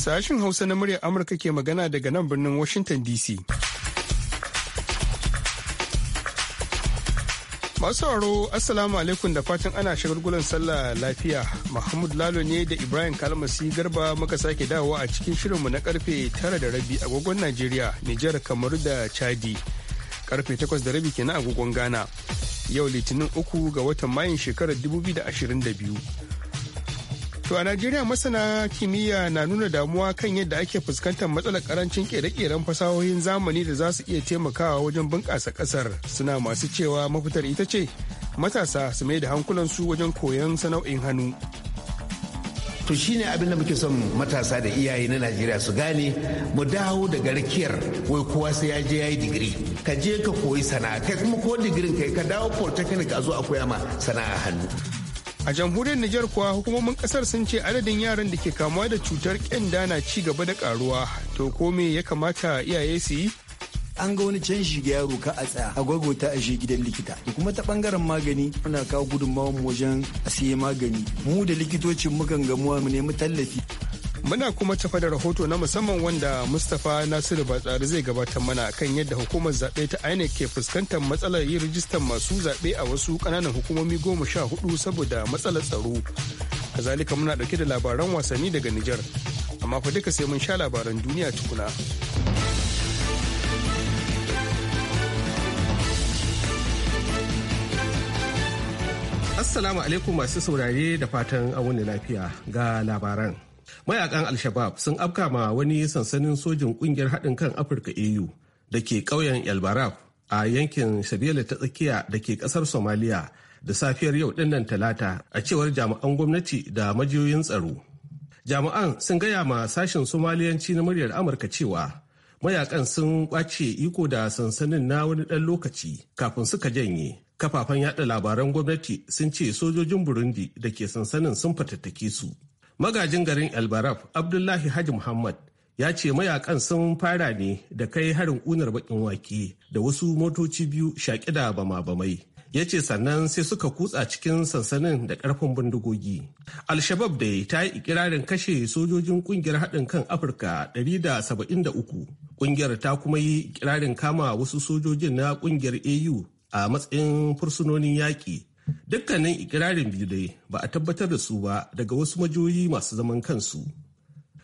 Sashin Hausa na muryar Amurka ke magana daga nan birnin Washington DC. Masu sauraro Assalamu alaikum da fatan ana shagulgulan sallah lafiya. Mahmud Lalo ne da Ibrahim Kalmasi Garba muka sake dawowa a cikin shirinmu na karfe tara da rabi agogon Najeriya, Nijar, kamar da Chadi. Karfe takwas da rabi kenan agogon Ghana. Yau Litinin uku ga watan Mayun shekarar 2022. To a Najeriya masana kimiyya na nuna damuwa kan yadda ake fuskantar matsalar karancin kere-keren fasahohin zamani da za su iya taimakawa wajen bunƙasa ƙasar suna masu cewa mafitar ita ce matasa su mai da hankulansu wajen koyon sana'o'in hannu. to shine abin da muke son matasa da iyaye na najeriya su gane mu dawo daga rakiyar wai kowa sai ya je ya yi digiri ka je ka koyi sana'a kai kuma ko digirin kai ka dawo polytechnic a zo a koya ma sana'a hannu a jamhuriyar Nijar kuwa hukumomin kasar sun ce adadin yaran da ke kamuwa da cutar kyanda na ci gaba da karuwa to ko me ya kamata iyaye su yi an ga wani canji ga yaro ka a tsaya a gwagwata a shi gidan likita da kuma ta bangaren magani muna kawo gudunmawar wajen a siye magani mu da likitocin mukan gamuwa mu nemi tallafi Muna kuma tafa da rahoto na musamman wanda Mustapha Nasiru Batsari zai gabatar mana kan yadda hukumar zaɓe ta INEC ke fuskantar matsalar yin rijistar masu zaɓe a wasu ƙananan hukumomi goma sha hudu saboda matsalar tsaro. Kazalika muna ɗauke da labaran wasanni daga Nijar. Amma fa duka sai mun sha labaran duniya tukuna. Assalamu alaikum masu saurare da fatan an lafiya ga labaran. mayakan al-shabab sun ma wani sansanin sojin kungiyar haɗin kan afirka au da ke ƙauyen elbarab a yankin shabiyala ta tsakiya da ke ƙasar somaliya da safiyar yau dinnan talata a cewar jami'an gwamnati da majiyoyin tsaro jami'an sun gaya ma sashen somaliyanci na muryar amurka cewa mayakan sun kwace iko da sansanin na wani ɗan lokaci kafin suka janye kafafen yada labaran gwamnati sun ce sojojin burundi da ke sansanin sun fatattake su magajin garin albaraf abdullahi haji muhammad ya ce mayakan sun fara ne da kai harin unar bakin wake da wasu motoci biyu shaƙi da bama-bamai ya ce sannan sai suka kutsa cikin sansanin da ƙarfin bindigogi al-shabab da ta yi ikirarin kashe sojojin ƙungiyar haɗin kan afirka 173 ƙungiyar ta kuma yi ikirarin kama wasu sojojin na ƙungiyar au a matsayin fursunonin yaƙi Dukkanin ikirarin biyu dai ba a tabbatar da su ba daga wasu majoyi masu zaman kansu.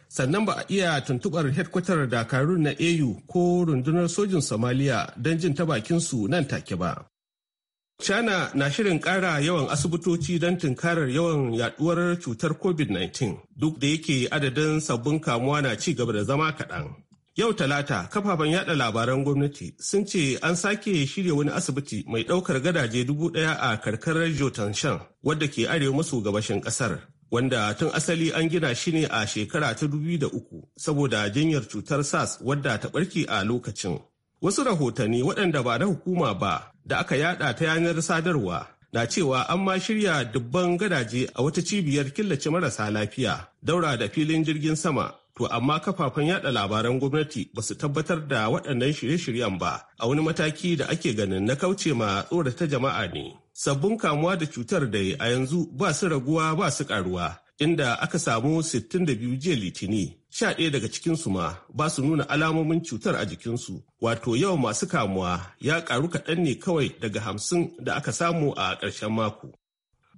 Sannan ba a iya tuntubar hedkwatar dakarun na AU ko rundunar sojin Somalia don jin ta su nan take ba. China na shirin ƙara yawan asibitoci don tunkarar yawan yaduwar cutar COVID-19 duk da yake adadin sabbin kamuwa na ci gaba da zama kaɗan. Yau Talata, kafafen yada labaran gwamnati sun ce an sake shirya wani asibiti mai ɗaukar gadaje dubu ɗaya a karkarar Jotanshan wadda ke arewa maso gabashin ƙasar. Wanda tun asali an gina shi ne a shekara ta dubu da uku saboda jinyar cutar SARS wadda ta ɓarke a lokacin. Wasu rahotanni waɗanda ba na hukuma ba da aka yada ta yanar sadarwa na cewa an ma shirya dubban gadaje a wata cibiyar killace marasa lafiya daura da filin jirgin sama To amma kafafen yada labaran gwamnati ba su tabbatar da waɗannan shirye-shiryen ba a wani mataki da ake ganin na kauce ma tsorata jama'a ne. Sabbin kamuwa da cutar da a yanzu ba su raguwa ba su karuwa inda aka samu 62 jiya litini. Sha ɗaya daga cikinsu ma ba su nuna alamomin cutar a jikinsu. Wato yawan masu kamuwa ya karu kaɗan ne kawai daga hamsin da aka samu a ƙarshen mako.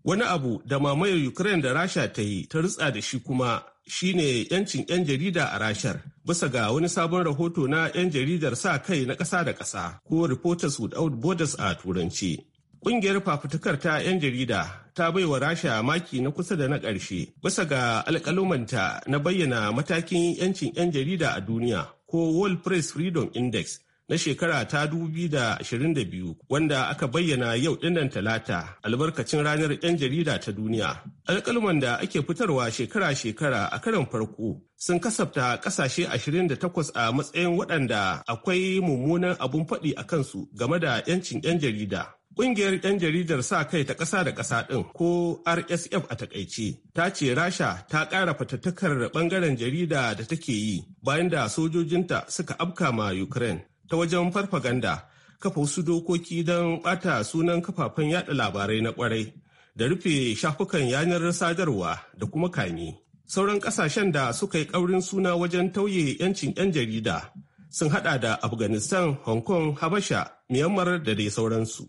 Wani abu da mamayar Ukraine da Rasha ta yi ta rutsa da shi kuma shine yancin 'yan jarida a rashar bisa ga wani sabon rahoto na 'yan jaridar sa kai na ƙasa da ƙasa ko reporters without borders a turanci Ƙungiyar fafutukar ta 'yan jarida ta baiwa rasha maki na kusa da na ƙarshe bisa ga alƙalumanta na bayyana matakin 'yancin 'yan jarida a duniya ko world press freedom index na shekara ta 2022 wanda aka bayyana yau dinnan talata albarkacin ranar 'yan jarida ta duniya. Alkalman da ake fitarwa shekara-shekara a karan farko sun kasafta kasashe 28 a matsayin waɗanda akwai mummunan abun faɗi a kansu game da 'yancin 'yan jarida. Ƙungiyar 'yan jaridar sa kai ta ƙasa da ƙasa ɗin ko RSF a takaice ta ce Rasha ta ƙara fatattakar ɓangaren jarida da take yi bayan da sojojinta suka afka ma Ukraine. ta wajen farfaganda kafa wasu dokoki don bata sunan kafafen yada labarai na kwarai da rufe shafukan yanar sadarwa da kuma kame. Sauran kasashen da suka yi kaurin suna wajen tauye 'yancin 'yan jarida sun hada da Afghanistan, Hong Kong, Habasha, Myanmar da dai sauransu.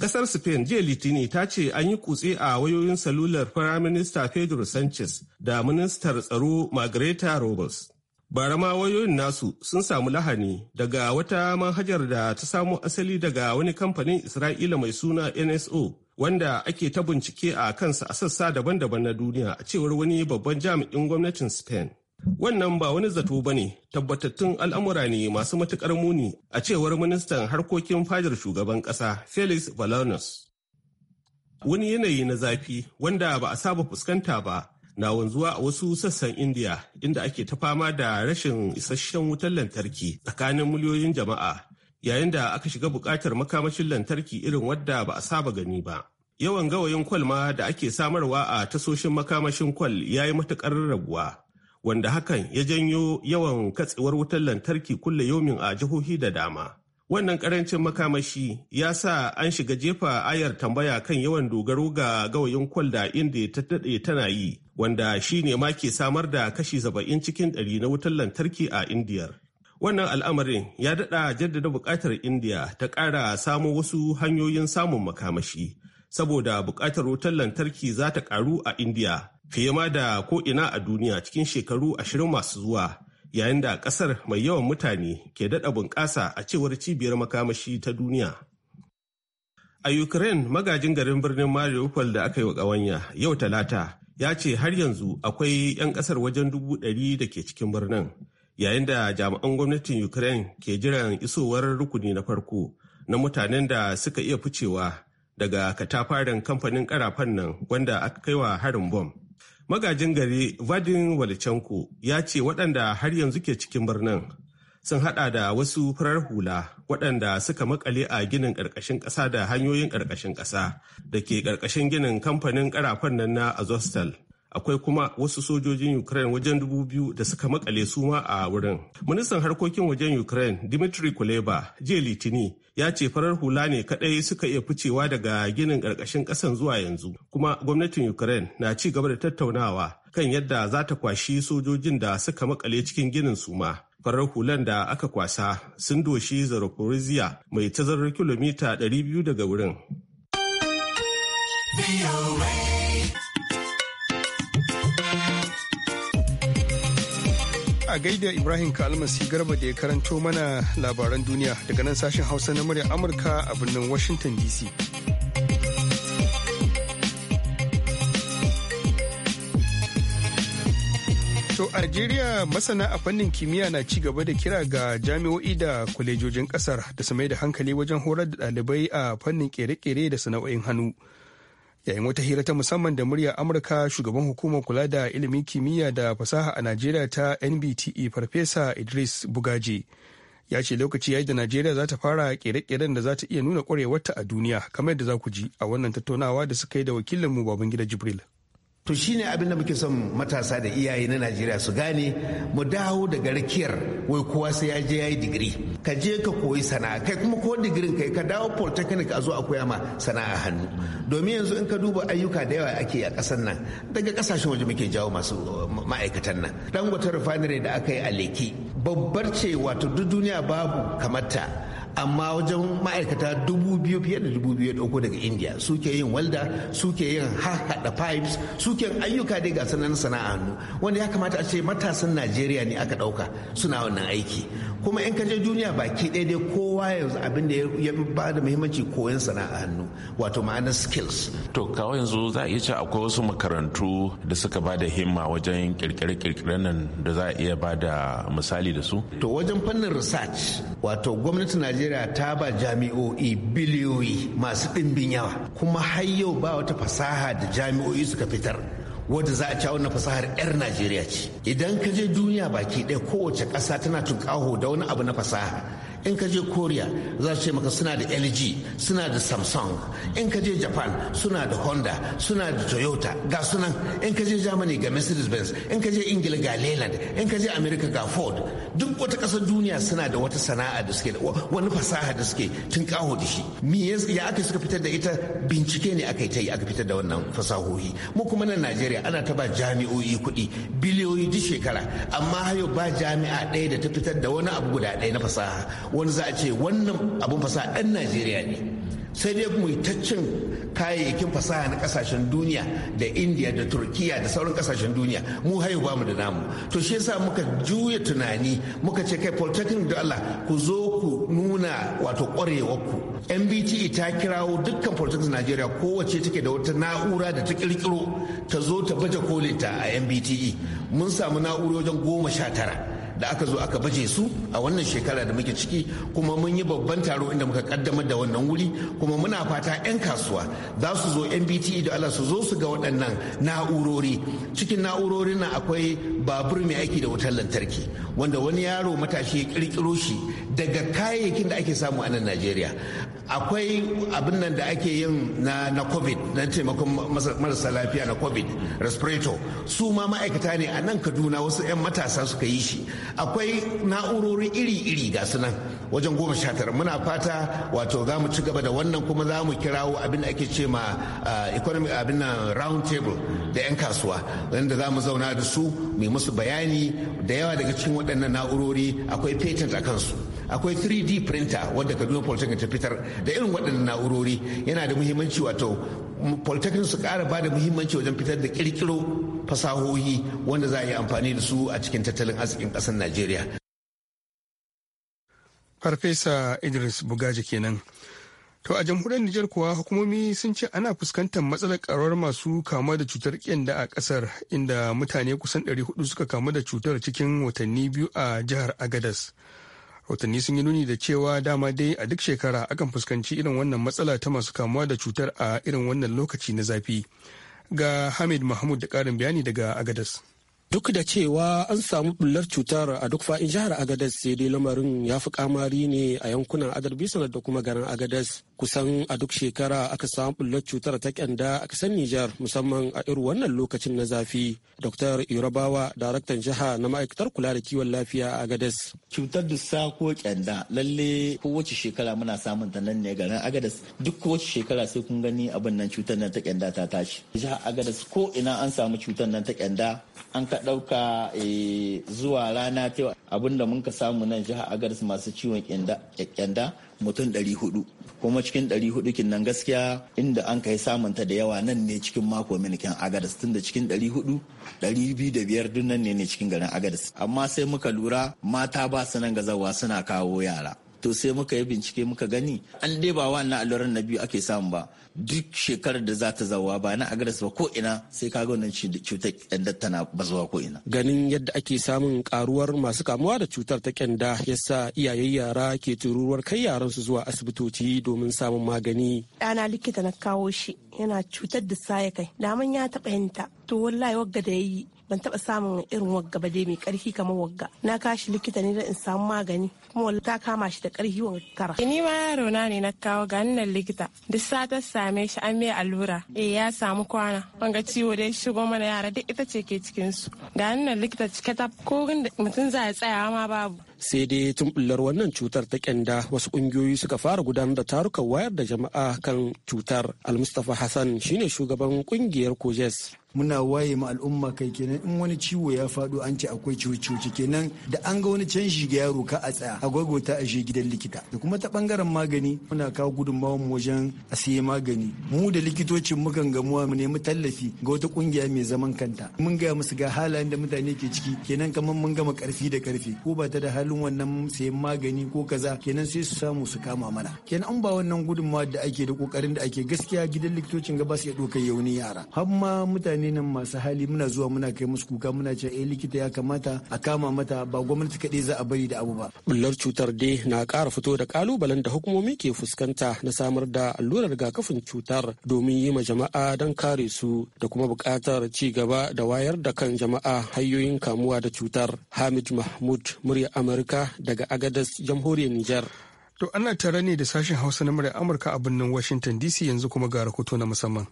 Kasar Spain jiya Litini ta ce an yi kutse a wayoyin salular Firaminista Pedro Sanchez da ministar tsaro Margareta Robles. bara wayoyin nasu sun samu lahani daga wata manhajar da ta samo asali daga wani kamfanin isra'ila mai suna nso wanda ake ta bincike a kansa a sassa daban-daban na duniya a cewar wani babban jami'in gwamnatin spain wannan ba wani zato ba ne tabbatattun al'amura ne masu matukar muni a cewar ministan harkokin Fajar shugaban ƙasa felix balanos wani yanayi na zafi wanda ba a saba fuskanta ba na wanzuwa a wasu sassan Indiya, inda ake ta fama da rashin isasshen wutar lantarki tsakanin miliyoyin jama'a yayin da aka shiga bukatar makamashin lantarki irin wadda ba a saba gani ba. Yawan gawayin kwal ma da ake samarwa a tasoshin makamashin kwal ya yi matuƙar raguwa, wanda hakan ya janyo yawan katsewar wutar lantarki kulle yomin a jihohi da dama. Wannan karancin makamashi ya sa an shiga jefa ayar tambaya kan yawan dogaro ga gawayin kwal da inda ta dade tana yi wanda shi ne ma ke samar da kashi saba'in cikin ɗari na wutar lantarki a indiyar wannan al'amarin ya daɗa jaddada buƙatar indiya ta ƙara samo wasu hanyoyin samun makamashi saboda buƙatar wutar lantarki za ta ƙaru a indiya fiye ma da ko'ina a duniya cikin shekaru ashirin masu zuwa yayin da ƙasar mai yawan mutane ke daɗa bunƙasa a cewar cibiyar makamashi ta duniya a ukraine magajin garin birnin mariupol da aka yi wa ƙawanya yau talata ya ce har yanzu akwai 'yan kasar wajen dubu ɗari da ke cikin birnin yayin da jami'an gwamnatin ukraine ke jiran isowar rukuni na farko na mutanen da suka iya ficewa daga katafaren kamfanin karafan nan wanda aka kai wa harin bom magajin gari vadin walichenko ya ce waɗanda har yanzu ke cikin birnin sun hada da wasu farar hula waɗanda suka makale a ginin ƙarƙashin ƙasa da hanyoyin ƙarƙashin ƙasa da ke ƙarƙashin ginin kamfanin ƙarafan nan na azostal akwai kuma wasu sojojin ukraine wajen dubu biyu da suka makale su ma a wurin ministan harkokin wajen ukraine dimitri kuleba jiya litini ya ce farar hula ne kadai suka iya ficewa daga ginin ƙarƙashin ƙasan zuwa yanzu kuma gwamnatin ukraine na ci gaba da tattaunawa kan yadda za ta kwashi sojojin da suka makale cikin ginin su ma. farar hulan da aka kwasa sun doshi zarokoriziya mai tazarar kilomita 200 daga wurin. A gaida Ibrahim Kalmasi Garba da ya karanto mana labaran duniya daga nan sashen Hausa na murya Amurka a birnin Washington DC. To Algeria masana a fannin kimiyya na ci gaba da kira ga jami'o'i da kwalejojin kasar da su mai da hankali wajen horar da ɗalibai a fannin kere-kere da sana'o'in hannu. Yayin wata hira ta musamman da murya Amurka shugaban hukumar kula da ilimin kimiyya da fasaha a Najeriya ta NBTE Farfesa Idris Bugaje. ya ce lokaci yayi da najeriya za ta fara kere-keren da za ta iya nuna kwarewarta a duniya kamar yadda za ku ji a wannan tattaunawa da suka yi da wakilinmu babangida jibril to shine abin da muke son matasa da iyaye na najeriya su gane mu dawo daga rakiyar wai kowa sai ya je ya yi digiri ka je ka koyi sana'a kai kuma ko digirin kai ka dawo polytechnic a zo a koya ma sana'a hannu domin yanzu in ka duba ayyuka da yawa ake a ƙasar nan daga kasashen waje muke jawo masu ma'aikatan nan dangote refinery da aka yi a leki babbar ce wato duk duniya babu ta amma wajen ma'aikata dubu biyu fiye da dubu biyu ɗauko daga india suke yin walda suke yin harhaɗa pipes suke ayyuka dai ga sanan sana'a wanda ya kamata a ce matasan najeriya ne aka ɗauka suna wannan aiki kuma in ka duniya baki ɗaya dai kowa yanzu abin da ya ba da muhimmanci koyon sana'a hannu wato ma'ana skills to kawo yanzu za a iya ce akwai wasu makarantu da suka ba da himma wajen kirkire kirkire nan da za a iya ba da misali da su to wajen fannin research wato gwamnati najeriya ta ba jami'o'i biliyoyi masu ɗimbin yawa kuma har yau ba wata fasaha da jami'o'i suka fitar wadda za a ci wannan fasahar 'yar najeriya ce idan ka je duniya baki ɗaya kowace ƙasa tana tunƙaho da wani abu na fasaha in ka je korea za su ce maka suna da lg suna da samsung in ka je japan suna da honda suna da toyota ga sunan in ka je germany ga mercedes benz in ka je ingila ga leland in ka je america ga ford duk wata kasar duniya suna da wata sana'a da suke wani fasaha da suke tun kawo da shi me ya aka suka fitar da ita bincike ne aka yi ta yi aka fitar da wannan fasahohi mu kuma nan najeriya ana ta ba jami'o'i kuɗi biliyoyi duk shekara amma hayo ba jami'a ɗaya da ta fitar da wani abu guda ɗaya na fasaha wani za a ce wannan abin fasaha ɗan najeriya ne sai dai taccen kayayyakin fasaha na kasashen duniya da indiya da turkiya da sauran kasashen duniya mu hayo bamu da namu to shi yasa muka juya tunani muka ce kai polytechnic da allah ku zo ku nuna wato kwarewarku mbte ta kirawo dukkan polytechnic najeriya kowace take da wata na'ura da ta kirkiro ta zo ta baje ta a mbt e. mun samu na'urori wajen goma sha tara da aka zo aka baje su a wannan shekara da muke ciki kuma mun yi babban taro inda muka kaddamar da wannan wuri kuma muna fata 'yan kasuwa za su zo mbte da allah su zo su ga waɗannan na'urori cikin na'urori na akwai babur mai aiki da wutar lantarki wanda wani yaro matashi ya kirkiro shi daga kayayyakin da ake samu a nan najeriya akwai abin nan da ake yin na, na covid na taimakon marasa lafiya na covid respirator su ma ma'aikata ne a nan kaduna wasu 'yan matasa suka yi shi akwai na'urori iri-iri ga sunan wajen goma sha tara muna fata wato za mu ci gaba da wannan kuma za mu kirawo abin da ake ce ma uh, economic abin nan round table da 'yan kasuwa wanda za mu zauna da su mai musu bayani da yawa daga cikin waɗannan na'urori akwai patent a kansu akwai 3d printer wadda kaduna polytechnic ta fitar da irin waɗannan na'urori yana da muhimmanci wato polytechnic su ƙara ba da muhimmanci wajen fitar da ƙirƙiro fasahohi wanda za a yi amfani da su a cikin tattalin arzikin ƙasar najeriya farfesa idris bugaji kenan to a jamhuriyar nijar kuwa hukumomi sun ce ana fuskantar matsalar karuwar masu kama da cutar kyanda a kasar inda mutane kusan 400 suka kamu da cutar cikin watanni biyu a jihar agadas rahotanni sun yi nuni da cewa dama dai a duk shekara akan fuskanci irin wannan matsala ta masu kamuwa da cutar a irin wannan lokaci na zafi ga hamid mahmud da ƙarin bayani daga agadas duk da cewa an samu bullar cutar a duk fa'in jihar agadas sai dai lamarin ya fi kamari ne a yankunan adar da kuma garin agadas kusan a duk shekara aka samu bullar cutar ta kyanda a kasar Nijar musamman a irin wannan lokacin na zafi. Dr. Yorubawa, daraktan jiha na ma'aikatar kula da kiwon lafiya a Agadez. Cutar sa ko kyanda lalle kowace shekara muna samun ta nan ne garin Agadez duk kowace shekara sai kun gani abin nan cutar nan ta kyanda ta tashi. Jiha Agadez ko ina an samu cutar nan ta kyanda an ka dauka eh, zuwa rana ta abin da mun ka samu nan jiha Agadez masu ciwon kyanda mutum hudu kuma cikin 400 kin nan gaskiya inda an kai samunta da yawa nan ne cikin mako minikin agadas tun da cikin 400 205 duk nan ne ne cikin garin agadas amma sai muka lura mata ba su nan gazawa suna kawo yara to sai muka yi bincike muka gani an dai ba wannan alluran na biyu ake samu ba duk shekarar da za ta zawa ba na agres ba koina sai ka wannan cutar kyanda tana bazuwa koina ganin yadda ake samun karuwar masu kamuwa da cutar ta kyanda sa iyayen yara ke tururuwar kai yaran su zuwa asibitoci domin samun magani ɗana likita na kawo shi yana cutar da sa ya kai daman ya taɓa yanta to wallahi wagga da ya yi ban taba samun irin wagga ba dai mai karfi kamar wagga na kashi likita ne da in samu magani kuma wallahi ta kama shi da karfi wa kara ni ma yaro na ne na kawo ga nan likita duk satar same shi an mai allura eh ya samu kwana ga ciwo dai shigo mana yara duk ita ce ke cikin su ga nan likita cike ta ko mutum za ya tsaya ma babu sai dai tun bullar wannan cutar ta kyanda wasu kungiyoyi suka fara gudanar da tarukan wayar da jama'a kan cutar almustafa hassan shine shugaban kungiyar kojes muna waye ma al'umma kai kenan in wani ciwo ya faɗo an ce akwai ciwo-ciwo kenan da an ga wani canji ga yaro ka a tsaya a gwagwata a shi gidan likita da kuma ta bangaren magani muna kawo gudunmawar mu wajen a siye magani mu da likitocin mukan gamuwa mu nemi tallafi ga wata kungiya mai zaman kanta mun gaya musu ga halayen da mutane ke ciki kenan kamar mun gama karfi da karfi ko ba ta da halin wannan sayan magani ko kaza kenan sai su samu su kama mana kenan an ba wannan gudunmawar da ake da kokarin da ake gaskiya gidan likitocin gaba su ya ɗaukar yauni yara har ma mutane mutane nan masu hali muna zuwa muna kai musu kuka muna cewa eh likita ya kamata a kama mata ba gwamnati kaɗai za a bari da abu ba. Bullar cutar dai na ƙara fito da ƙalubalen da hukumomi ke fuskanta na samar da allurar rigakafin cutar domin yi ma jama'a don kare su da kuma buƙatar ci gaba da wayar da kan jama'a hanyoyin kamuwa da cutar. Hamid Mahmud murya Amurka daga Agadas jamhuriyar Nijar. To ana tare ne da sashen Hausa na murya Amurka a birnin Washington DC yanzu kuma ga rahoto na musamman.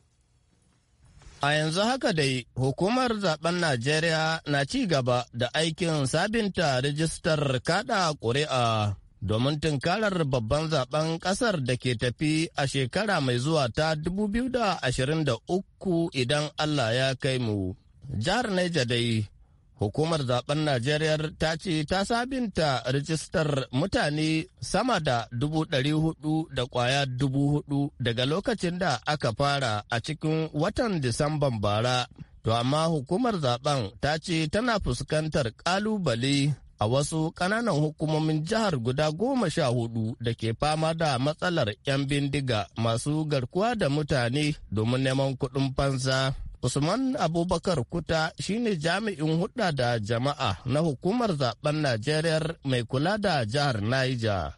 A yanzu haka dai hukumar zaben Najeriya na ci gaba da aikin sabinta rijistar kada ƙuri'a domin tunkarar babban zaben ƙasar da ke tafi a shekara mai zuwa ta 2023 idan Allah ya kai mu. Jihar Niger dai Hukumar zaben Najeriya ta ce ta sabinta rijistar mutane sama da dubu ɗari hudu da kwaya dubu hudu daga lokacin da aka fara a cikin watan Disamban bara. To amma hukumar zaben ta ce tana fuskantar ƙalubale a wasu ƙananan hukumomin jihar guda goma sha hudu da ke fama da matsalar 'yan bindiga masu garkuwa da mutane domin neman kuɗin fansa. Usman Abubakar Kuta shine jami'in hudda da jama'a na hukumar zaben Najeriya mai kula da jihar Niger.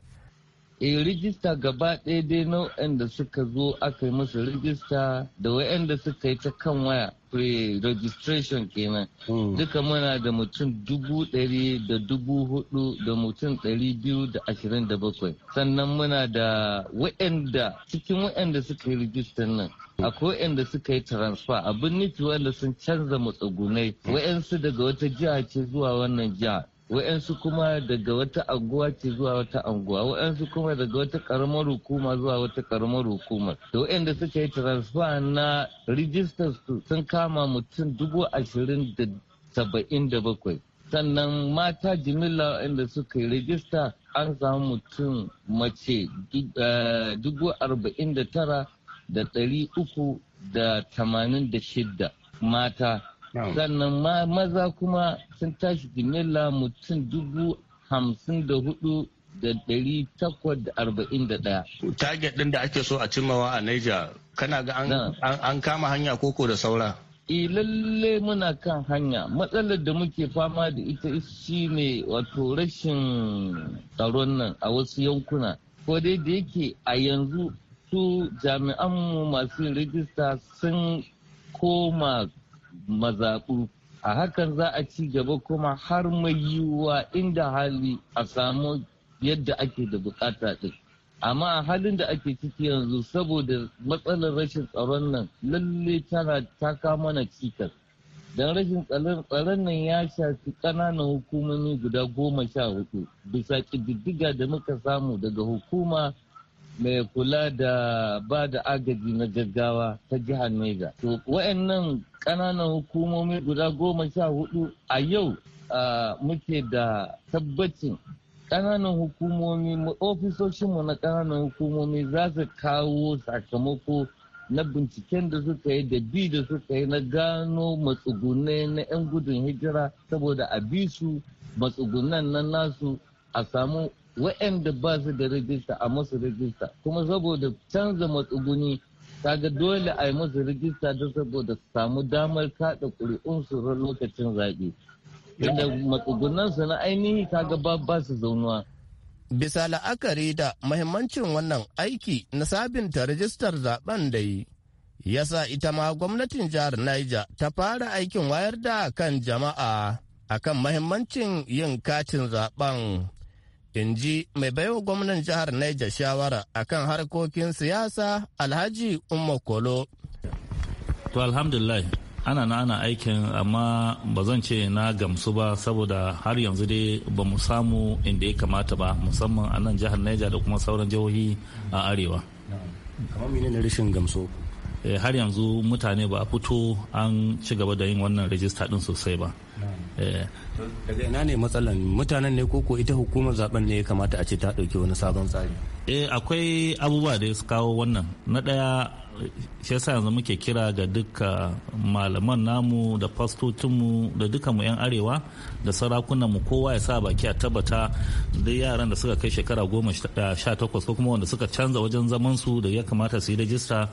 E rijista gaba ɗaya dai na waɗanda suka zo aka yi musu rijista da wa'anda suka yi ta kan waya registration kenan hmm. duka muna da mutum dubu ɗari da dubu hudu da mutum ɗari biyu da ashirin da bakwai sannan muna da wa'anda cikin wa'anda suka yi rijistar nan akwai wa'anda suka yi transfer abin nufi wanda sun canza matsugunai hmm. wa'ansu daga wata jiha ce zuwa wannan jiha wa'yansu kuma daga wata anguwa ce zuwa wata anguwa wa'yansu kuma daga wata karamar hukuma zuwa wata karamar hukuma da wa'yanda suka yi transfer na su sun kama mutum dubu ashirin da saba'in da bakwai sannan mata jimilla inda suka yi rijista an samu mutum mace eh, dubu arba'in da tara da ɗari uku da tamanin da shidda mata sannan maza kuma sun tashi ginilla mutum dubu hamsin da hudu da dari takwas da arba'in da daya. target ɗin da ake so a cimmawa a Niger kana ga an kama hanya koko da saura e lalle muna kan hanya matsalar da muke fama da ita shine wato rashin tsaron nan a wasu yankuna ko dai da yake a yanzu su jami'an mu masu rijista sun koma mazaɓu a hakan za a ci gaba kuma har mai yiwuwa inda hali a samu yadda ake da bukata ɗin amma a halin da ake ciki yanzu saboda matsalar rashin tsaron nan lalle tana ta kama na cikas don rashin tsaron nan ya shafi ƙananan hukumomi guda goma sha hudu bisa ƙididdiga da muka samu daga hukuma mai kula da ba da agaji na gaggawa ta jihar Niger. To wa'annan ƙananan hukumomi guda goma sha hudu a yau muke da tabbacin ƙananan hukumomi ofisoshinmu na ƙananan hukumomi za su kawo sakamako na binciken da suka yi da bi da suka yi na gano matsugunai na 'yan gudun hijira saboda a bi su matsugunan nan nasu a samu wa'anda ba su da rijista a musu rijista kuma saboda canza matsuguni kaga dole a yi musu rijista don saboda samu damar kaɗa ran lokacin zaɓe inda su na ainihi kaga ba su zaunuwa bisa la'akari da mahimmancin wannan aiki na sabinta rijistar zaben da yi ya sa ita ma gwamnatin jihar Niger ta fara aikin wayar da kan jama'a akan mahimmancin yin katin zaben in ji mai baiwa gwamnan jihar neja shawara akan harkokin siyasa Alhaji Umma Kolo. To alhamdulillah ana na ana aikin amma ba zan ce na gamsu ba saboda har yanzu dai ba mu samu inda ya kamata ba musamman a nan jihar neja da kuma sauran jihohi a arewa. Kamar mini na rashin gamsu? Eh, har yanzu mutane ba a fito an ci gaba da yin wannan rajista ɗin sosai ba. Eh. daga ina ne matsalan mutanen ne koko ita hukumar zaben ne ya kamata a ce ta ɗauki wani sabon tsari eh akwai abubuwa da ya kawo wannan na ɗaya shi yasa yanzu muke kira ga duka malaman namu da fastocinmu da duka mu 'yan arewa da sarakunanmu kowa ya sa baki a tabbata da yaran da suka kai shekara goma eh, sha takwas ko kuma wanda suka canza wajen zaman su da ya kamata su yi rajista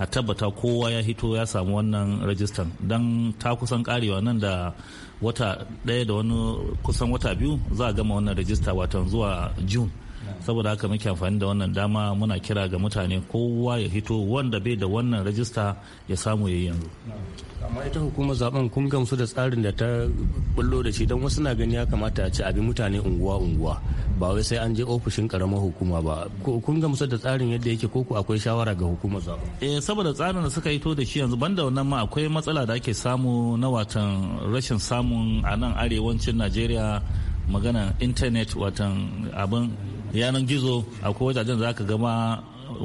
a tabbata kowa ya hito ya samu wannan rajistan don ta kusan karewa nan da wata ɗaya da wani kusan wata biyu za a gama wannan rajista watan zuwa june saboda haka muke amfani da wannan dama muna kira ga mutane kowa ya hito wanda bai da wannan rajista ya samu yi yanzu amma ita hukumar zaben kun gamsu da tsarin da ta bullo da shi don wasu na gani ya kamata a ci abi mutane unguwa unguwa ba wai sai an je ofishin karamar hukuma ba kun gamsu da tsarin yadda yake ko ku akwai shawara ga hukumar zaben eh saboda tsarin da suka hito da shi yanzu banda wannan ma akwai matsala da ake samu na watan rashin samun a nan arewacin Najeriya magana intanet watan abin yanan gizo akwai wajajen za ka gama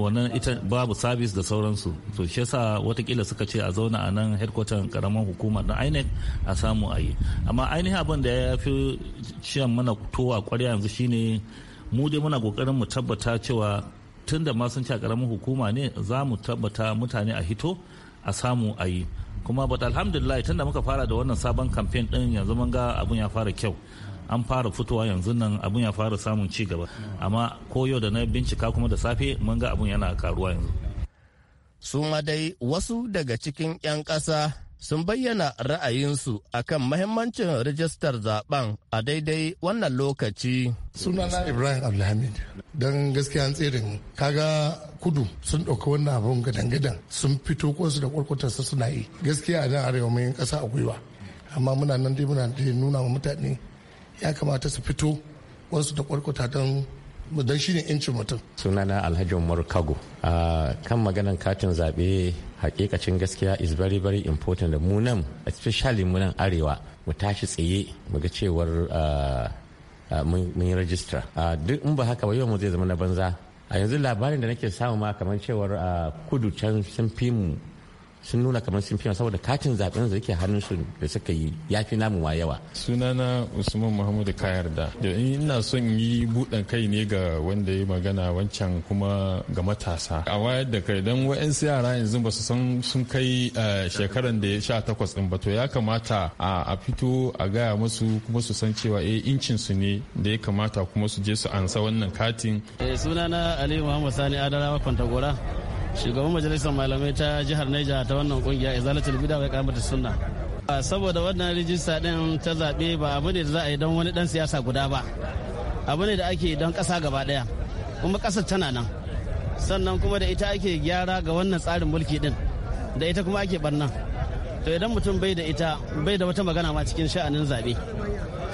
wannan ita babu sabis da sauransu to shi yasa watakila suka ce a zauna a nan headquarter karamar hukuma na inec a samu a amma ainihin abin da ya fi ciyan mana towa kwarya yanzu shine mu dai muna kokarin mu tabbata cewa tun da ma sun ci a karamar hukuma ne za mu tabbata mutane a hito a samu a yi kuma but alhamdulillah tun da muka fara da wannan sabon campaign din yanzu mun ga abun ya fara kyau an fara fitowa yanzu nan abun ya fara samun ci gaba amma koyo da na bincika kuma da safe mun ga abun yana karuwa yanzu su dai wasu daga cikin 'yan ƙasa sun bayyana ra'ayinsu akan mahimmancin rijistar zaben a daidai wannan lokaci sunana ibrahim abdulhamid don gaskiya tsirin kaga kudu sun ɗauki wannan abun gadan-gadan sun fito su da kwarkwatarsa suna yi gaskiya a nan arewa mai kasa a gwiwa amma muna nan dai muna nuna wa mutane ya kamata su fito wasu da kwarkwata don don ne yancin mutum sunana alhaji umar kago kan maganan katin zaɓe hakikacin gaskiya is very very important da mu nan especially mu nan arewa mu tashi tsaye mu ga cewar mun yi rajista duk in ba haka ba yau mu zai zama na banza a yanzu labarin da nake samu ma kamar cewar kudu can sun fi mu sun nuna kamar sun fi saboda katin zaben da yake hannun su da suka yi ya fi namu ma yawa sunana usman muhammadu kayarda da ina son yi buɗan kai ne ga wanda ya magana wancan kuma ga matasa a wayar da kai don wa'yansu yara yanzu ba su san sun kai eh, shekaran da ya sha takwas ɗin ba to ya kamata a fito a gaya musu kuma su san cewa eh incin su ne da ya kamata kuma su je su ansa wannan katin eh, sunana ali muhammad sani adarawa kwantagora shugaban majalisar malamai ta jihar Niger ta wannan kungiya Izalatul Bid'a wa Iqamatu Sunna. Saboda wannan rijista din ta zabe ba abu ne da za a yi don wani dan siyasa guda ba. Abu ne da ake don kasa gaba daya. Kuma kasar tana nan. Sannan kuma da ita ake gyara ga wannan tsarin mulki din. Da ita kuma ake barna. To idan mutum bai da ita bai da wata magana ma cikin sha'anin zabe.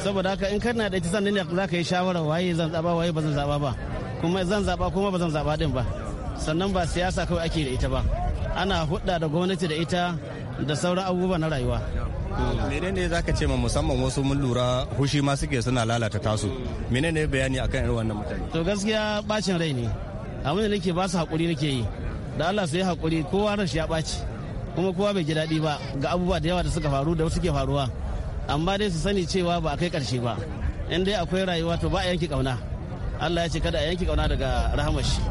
Saboda haka in kana da ita sannan ne za ka yi shawara waye zan zaba waye ba zan zaba ba. Kuma zan zaba kuma ba zan zaba din ba. sannan ba siyasa kawai ake da ita ba ana hudda da gwamnati da ita da sauran abubuwa na rayuwa menene za ka ce ma musamman wasu mun lura hushi ma suke suna lalata tasu menene bayani akan irin wannan mutane to gaskiya bacin rai ne abin da nake ba su hakuri nake yi da Allah su yi hakuri kowa ran shi ya baci kuma kowa bai ji daɗi ba ga abubuwa da yawa da suka faru da suke faruwa amma dai su sani cewa ba a kai ƙarshe ba in dai akwai rayuwa to ba a yanki kauna Allah ya ce kada a yanki kauna daga rahamar shi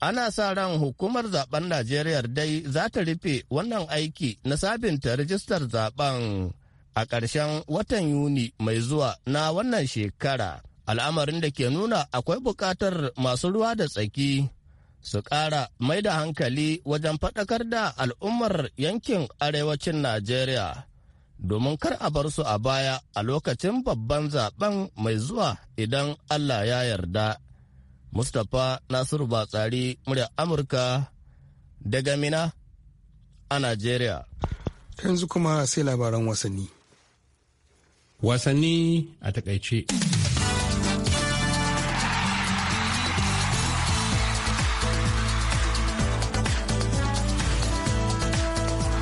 ana sa ran hukumar zaben najeriya dai za ta rufe wannan aiki na sabinta rijistar zaben a ƙarshen watan yuni mai zuwa na wannan shekara al'amarin da ke nuna akwai buƙatar masu ruwa da tsaki su ƙara mai da hankali wajen faɗakar da al'ummar yankin arewacin najeriya domin kar a bar su a baya a lokacin babban zaben mai zuwa idan allah ya yarda Mustapha Nasiru Batsari murya Amurka daga Mina a Najeriya. Yanzu kuma sai labaran wasanni. Wasanni a takaice.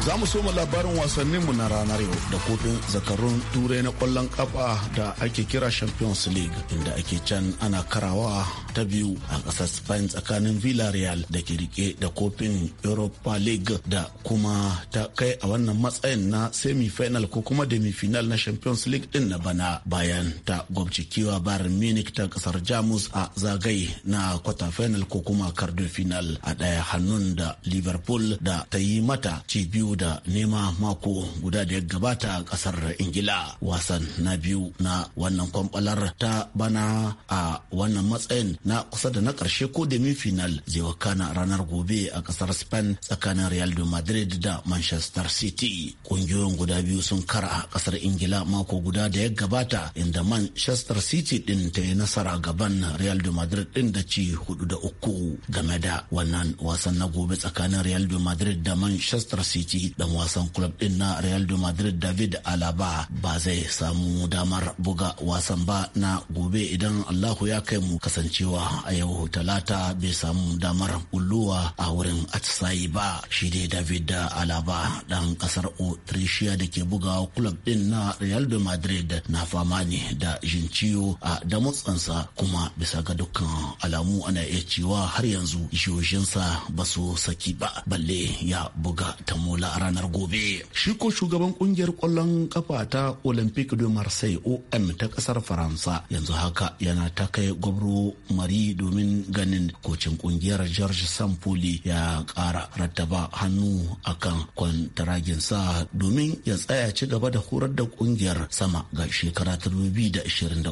Za mu soma labarin wasanninmu na ranar yau da kofin zakarun turai na kwallon kafa da ake kira Champions League inda ake can ana karawa ta biyu a ƙasar spain tsakanin villarreal da ke rike da kofin europa league da kuma ta kai a wannan matsayin na semi-final ko kuma demi-final na champions league din na bana bayan ta kewa bayar munich ta kasar jamus a zagaye na quarter final ko kuma cardo final a daya hannun da liverpool da ta yi mata ci biyu da nema mako guda da ya gabata a ƙasar ingila wasan na biyu na wannan kwamfalar ta bana a wannan matsayin na kusa da na karshe ko demi-final zai wakana ranar gobe a kasar spain tsakanin real de madrid da manchester city kungiyoyin guda biyu sun kara a kasar ingila mako guda da ya gabata inda manchester city din ta yi nasara gaban real de madrid din da ci hudu da uku game da wannan wasan na gobe tsakanin real de madrid da manchester city dan wasan club din na real de madrid david alaba ba zai samu damar buga wasan ba na gobe idan allahu ya kai mu kasancewa cewa a yau talata bai samu damar kulluwa a wurin atisayi ba shi dai david alaba dan kasar otricia da ke buga club din na real de madrid na fama ne da jin ciwo a damutsansa kuma bisa ga dukkan alamu ana iya cewa har yanzu jiyoshinsa ba su saki ba balle ya buga ta mola a ranar gobe shi ko shugaban kungiyar kwallon kafa ta olympic de marseille om ta kasar faransa yanzu haka yana ta kai gwabro al'amari domin ganin kocin kungiyar george sampoli ya kara rattaba hannu akan sa, domin ya tsaya ci gaba da horar da kungiyar sama ga shekara ta 2023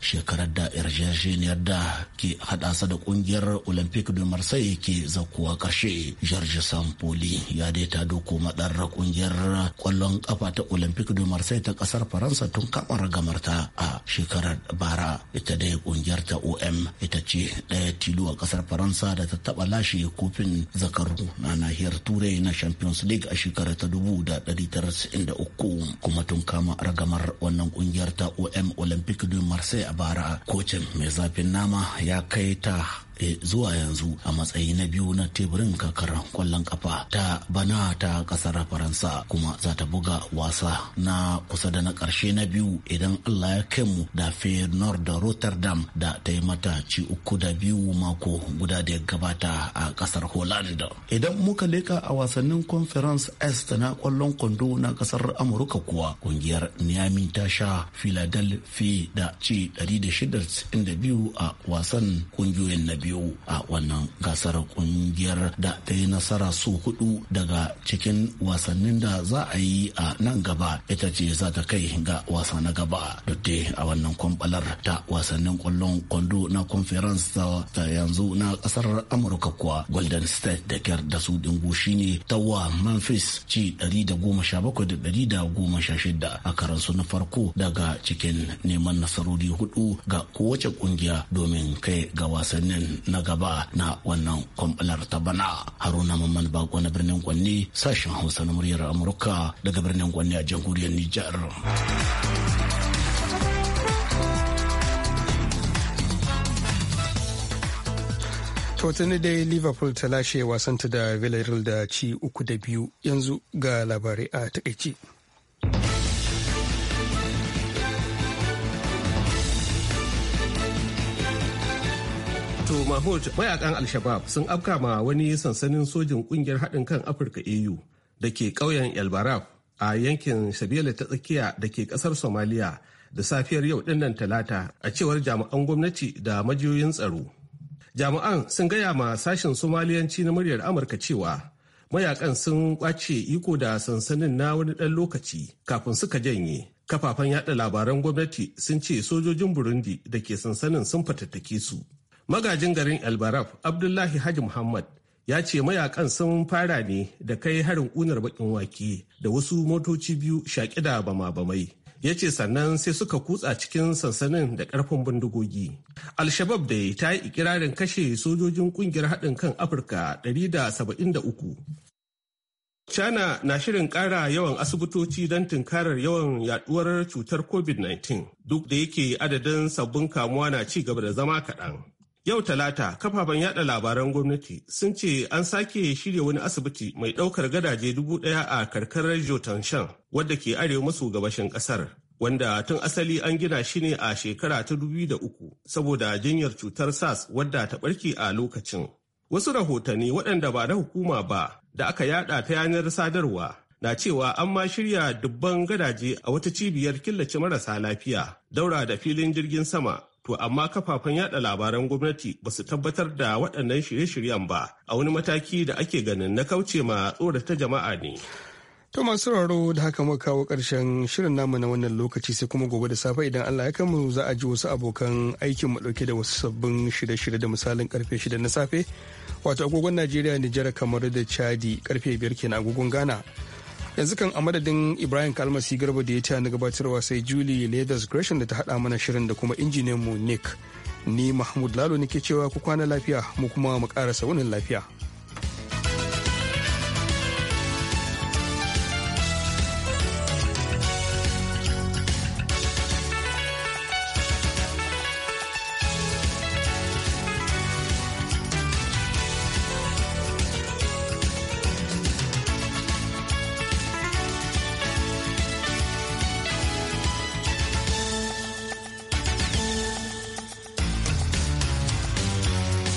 shekarar da yarjejeniyar da ke hadasa da kungiyar olympic de marseille ke zakuwa karshe george sampoli ya daita doko madar kungiyar kwallon kafa ta olympic de marseille ta kasar faransa tun kamar gamarta a shekarar bara ita dai kungiyar ta om ita ce ɗaya tilo a ƙasar faransa da ta taɓa lashe kofin zakaru na nahiyar turai na champions league a shekara ta dubu uku kuma tun kama ragamar wannan ƙungiyar ta om olympic de marseille a bara kocin mai zafin nama ya kai ta e zuwa yanzu a matsayi na biyu na teburin kakar kwallon kafa ta bana ta kasar faransa kuma za ta buga wasa na kusa da na karshe na biyu idan allah ya kai mu da feyenoord da rotterdam da ta yi mata ci uku da biyu mako guda da ya gabata a kasar holland idan muka leka a wasannin conference est na kwallon kwando na kasar amurka kuwa kungiyar niami ta sha philadelphia da ci 162 a wasan kungiyoyin na biyu biyu a wannan gasar kungiyar da ta yi nasara su hudu daga cikin wasannin da za a yi a nan gaba ita ce za ta kai ga wasa na gaba duk a wannan kwambalar ta wasannin kwallon kwando na conference ta yanzu na kasar amurka kuwa golden state da kyar da su dingu shine tawa memphis ci 117-116 a su na farko daga cikin neman nasarori hudu ga kowace kungiya domin kai ga wasannin na gaba na wannan kwamfalar ta bana haruna mamman bako na birnin kwanni sashen hausa na muryar amurka daga birnin kwanni a jamhuriyar nijar To tuni dai Liverpool ta lashe wasanta da Villarreal da ci uku da biyu yanzu ga labarai a takaici. Wato Mahmud mayakan Al-Shabab sun afka ma wani sansanin sojin kungiyar haɗin kan Afirka AU da ke ƙauyen El Baraf a yankin Shabela ta tsakiya da ke ƙasar somaliya da safiyar yau dinnan talata a cewar jami'an gwamnati da majiyoyin tsaro. Jami'an sun gaya ma sashen Somaliyanci na muryar Amurka cewa mayakan sun kwace iko da sansanin na wani ɗan lokaci kafin suka janye. Kafafen yada labaran gwamnati sun ce sojojin Burundi da ke sansanin sun fatattake su. magajin garin albaraf abdullahi haji muhammad ya ce mayakan sun fara ne da kai harin kunar bakin wake da wasu motoci biyu shaƙi da bama-bamai ya ce sannan sai suka kutsa cikin sansanin da ƙarfin bindigogi al-shabab da ta yi ikirarin kashe sojojin ƙungiyar haɗin kan afirka 173 China na shirin ƙara yawan asibitoci don tunkarar yawan yaduwar cutar COVID-19 duk da yake adadin sabbin kamuwa na ci gaba da zama kaɗan. Yau Talata, kafafen yada labaran gwamnati sun ce an sake shirya wani asibiti mai ɗaukar gadaje dubu ɗaya a karkarar Jotanshan wadda ke arewa maso gabashin ƙasar. Wanda tun asali an gina shi ne a shekara ta dubu da uku saboda jinyar cutar SARS wadda ta ɓarke a lokacin. Wasu rahotanni waɗanda ba na hukuma ba da aka yada ta yanar sadarwa na cewa an ma shirya dubban gadaje a wata cibiyar killace marasa lafiya daura da filin jirgin sama to amma kafafen yada labaran gwamnati ba su tabbatar da waɗannan shirye-shiryen ba a wani mataki da ake ganin na kauce ma tsorata jama'a ne. To masu sauraro da haka muka kawo ƙarshen shirin namu na wannan lokaci sai kuma gobe da safe idan Allah ya mu za a ji wasu abokan aikin mu dauke da wasu sabbin shirye-shirye da misalin karfe 6 na safe wato agogon Najeriya Nijar kamar da Chadi karfe 5 kenan agogon Ghana. yanzu kan a madadin ibrahim kalmasi garba da ya ta na gabatarwa sai julie leathers gresham da ta hada mana shirin da kuma injiniyan mu nick ni mahmud lalo ke cewa ku kwana lafiya mu kuma mu karasa wunin lafiya